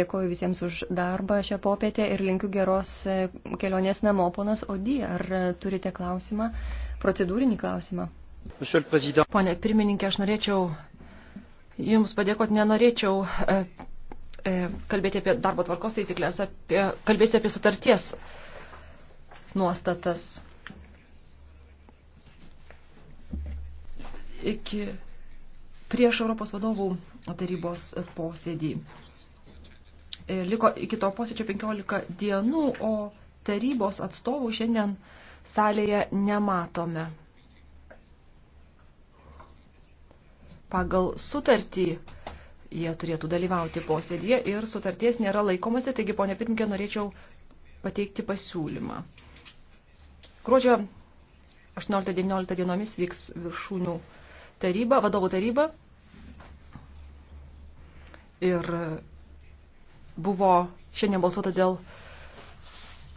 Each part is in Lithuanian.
Dėkuoju visiems už darbą šią popietę ir linkiu geros e, kelionės namo, ponas Odi. Ar e, turite klausimą, procedūrinį klausimą? Pone pirmininkė, aš norėčiau Jums padėkoti, nenorėčiau e, kalbėti apie darbo tvarkos taisyklės, apie, kalbėsiu apie sutarties nuostatas. Iki prieš Europos vadovų tarybos posėdį. E, liko iki to posėdžio 15 dienų, o tarybos atstovų šiandien salėje nematome. Pagal sutartį jie turėtų dalyvauti posėdėje ir sutarties nėra laikomasi, taigi, ponė Pirminkė, norėčiau pateikti pasiūlymą. Gruodžio 18-19 dienomis vyks viršūnių taryba, vadovų taryba ir buvo šiandien balsuota dėl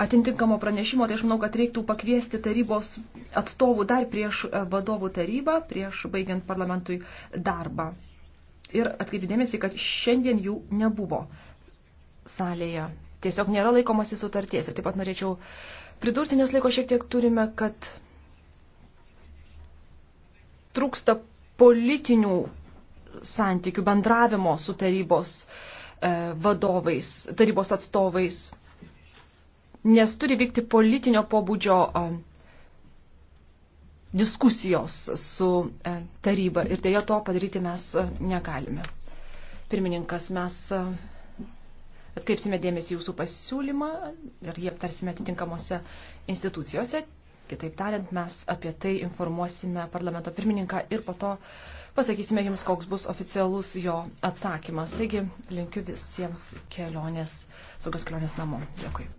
atitinkamo pranešimo, tai aš manau, kad reiktų pakviesti tarybos atstovų dar prieš e, vadovų tarybą, prieš baigiant parlamentui darbą. Ir atkreipdėmėsi, kad šiandien jų nebuvo salėje. Tiesiog nėra laikomasi sutarties. Ir taip pat norėčiau pridurti, nes laiko šiek tiek turime, kad trūksta politinių santykių, bendravimo su tarybos uh, E, vadovais, tarybos atstovais, nes turi vykti politinio pobūdžio e, diskusijos su e, taryba ir dėja to padaryti mes negalime. Pirmininkas, mes atkreipsime dėmesį jūsų pasiūlymą ir jį aptarsime atitinkamose institucijose. Kitaip tariant, mes apie tai informuosime parlamento pirmininką ir po to pasakysime jums, koks bus oficialus jo atsakymas. Taigi, linkiu visiems kelionės, saugas kelionės namo. Dėkui.